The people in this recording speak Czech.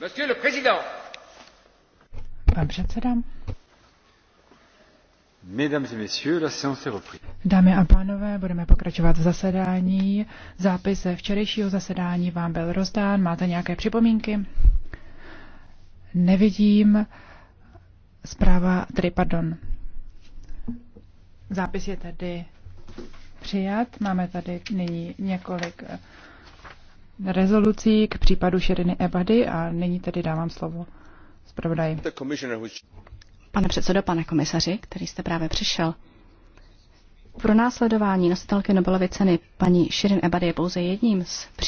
Monsieur le président. Pan předseda. Mesdames et messieurs, la séance est reprise. Dámy a pánové, budeme pokračovat v zasedání. Zápis ze včerejšího zasedání vám byl rozdán. Máte nějaké připomínky? Nevidím. Zpráva, tedy pardon. Zápis je tedy přijat. Máme tady nyní několik eh, rezolucí k případu Širiny Ebady a nyní tedy dávám slovo zpravodaji. Pane předsedo, pane komisaři, který jste právě přišel, pro následování nositelky Nobelovy ceny paní Širin Ebady je pouze jedním z příkladů